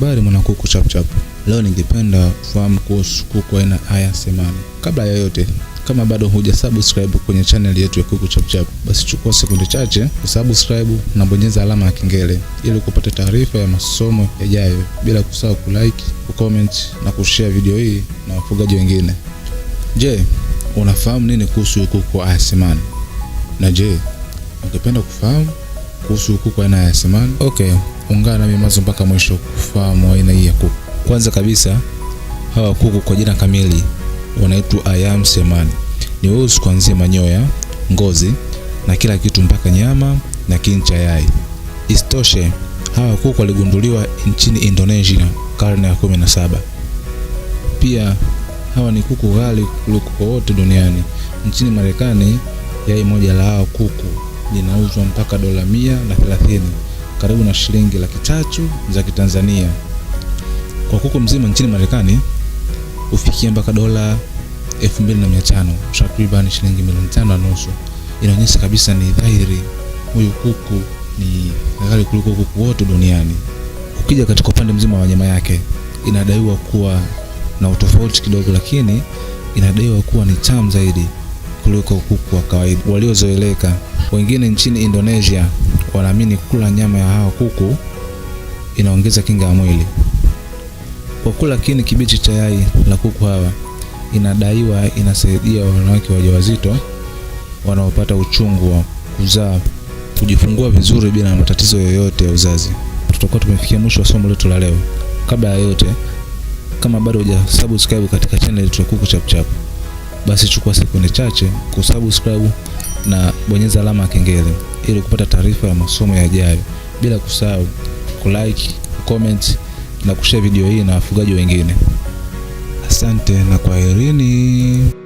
Habari mwanakuku chapchap, leo ningependa kufahamu kuhusu kuku aina ya Semani. Kabla ya yote, kama bado huja subscribe kwenye channel yetu ya Kuku Chapchap, basi chukua sekunde chache kusubscribe na bonyeza alama ya kengele ili kupata taarifa ya masomo yajayo, bila kusahau kulike, kucomment na kushare video hii na wafugaji wengine. Je, unafahamu nini kuhusu kuku aya Semani? Na je, ungependa kufahamu kuhusu kuku aina ya Semani? Okay. Ungana nami mwanzo mpaka mwisho kufahamu aina hii ya kuku. Kwanza kabisa, hawa kuku kwa jina kamili wanaitwa ayam semani. Ni weusi kuanzia manyoya, ngozi na kila kitu mpaka nyama na kincha yai. Isitoshe, hawa kuku waligunduliwa nchini Indonesia karne ya 17. Pia hawa ni kuku ghali kuliko wote duniani. Nchini Marekani, yai moja la hawa kuku linauzwa mpaka dola mia na thelathini karibu na shilingi laki tatu za Kitanzania. Kwa kuku mzima nchini Marekani hufikia mpaka dola 2500 takriban shilingi milioni tano na nusu. Inaonyesha kabisa ni dhahiri huyu kuku ni ghali kuliko kuku wote duniani. Ukija katika upande mzima wa wanyama yake inadaiwa kuwa na utofauti kidogo, lakini inadaiwa kuwa ni tamu zaidi kuliko kuku wa kawaida waliozoeleka. Wengine nchini Indonesia wanaamini kula nyama ya hawa kuku inaongeza kinga ya mwili. Kwa kula kini kibichi cha yai la kuku hawa inadaiwa inasaidia wanawake wajawazito wanaopata uchungu wa kuzaa kujifungua vizuri bila matatizo yoyote ya uzazi. Tutakuwa tumefikia mwisho wa somo letu la leo. Kabla ya yote, kama bado hujasubscribe katika channel yetu ya Kuku chapchap basi chukua sekunde chache kusubscribe na bonyeza alama ya kengele ili kupata taarifa ya masomo yajayo, bila kusahau kulike, comment na kushare video hii na wafugaji wengine. Asante na kwaherini.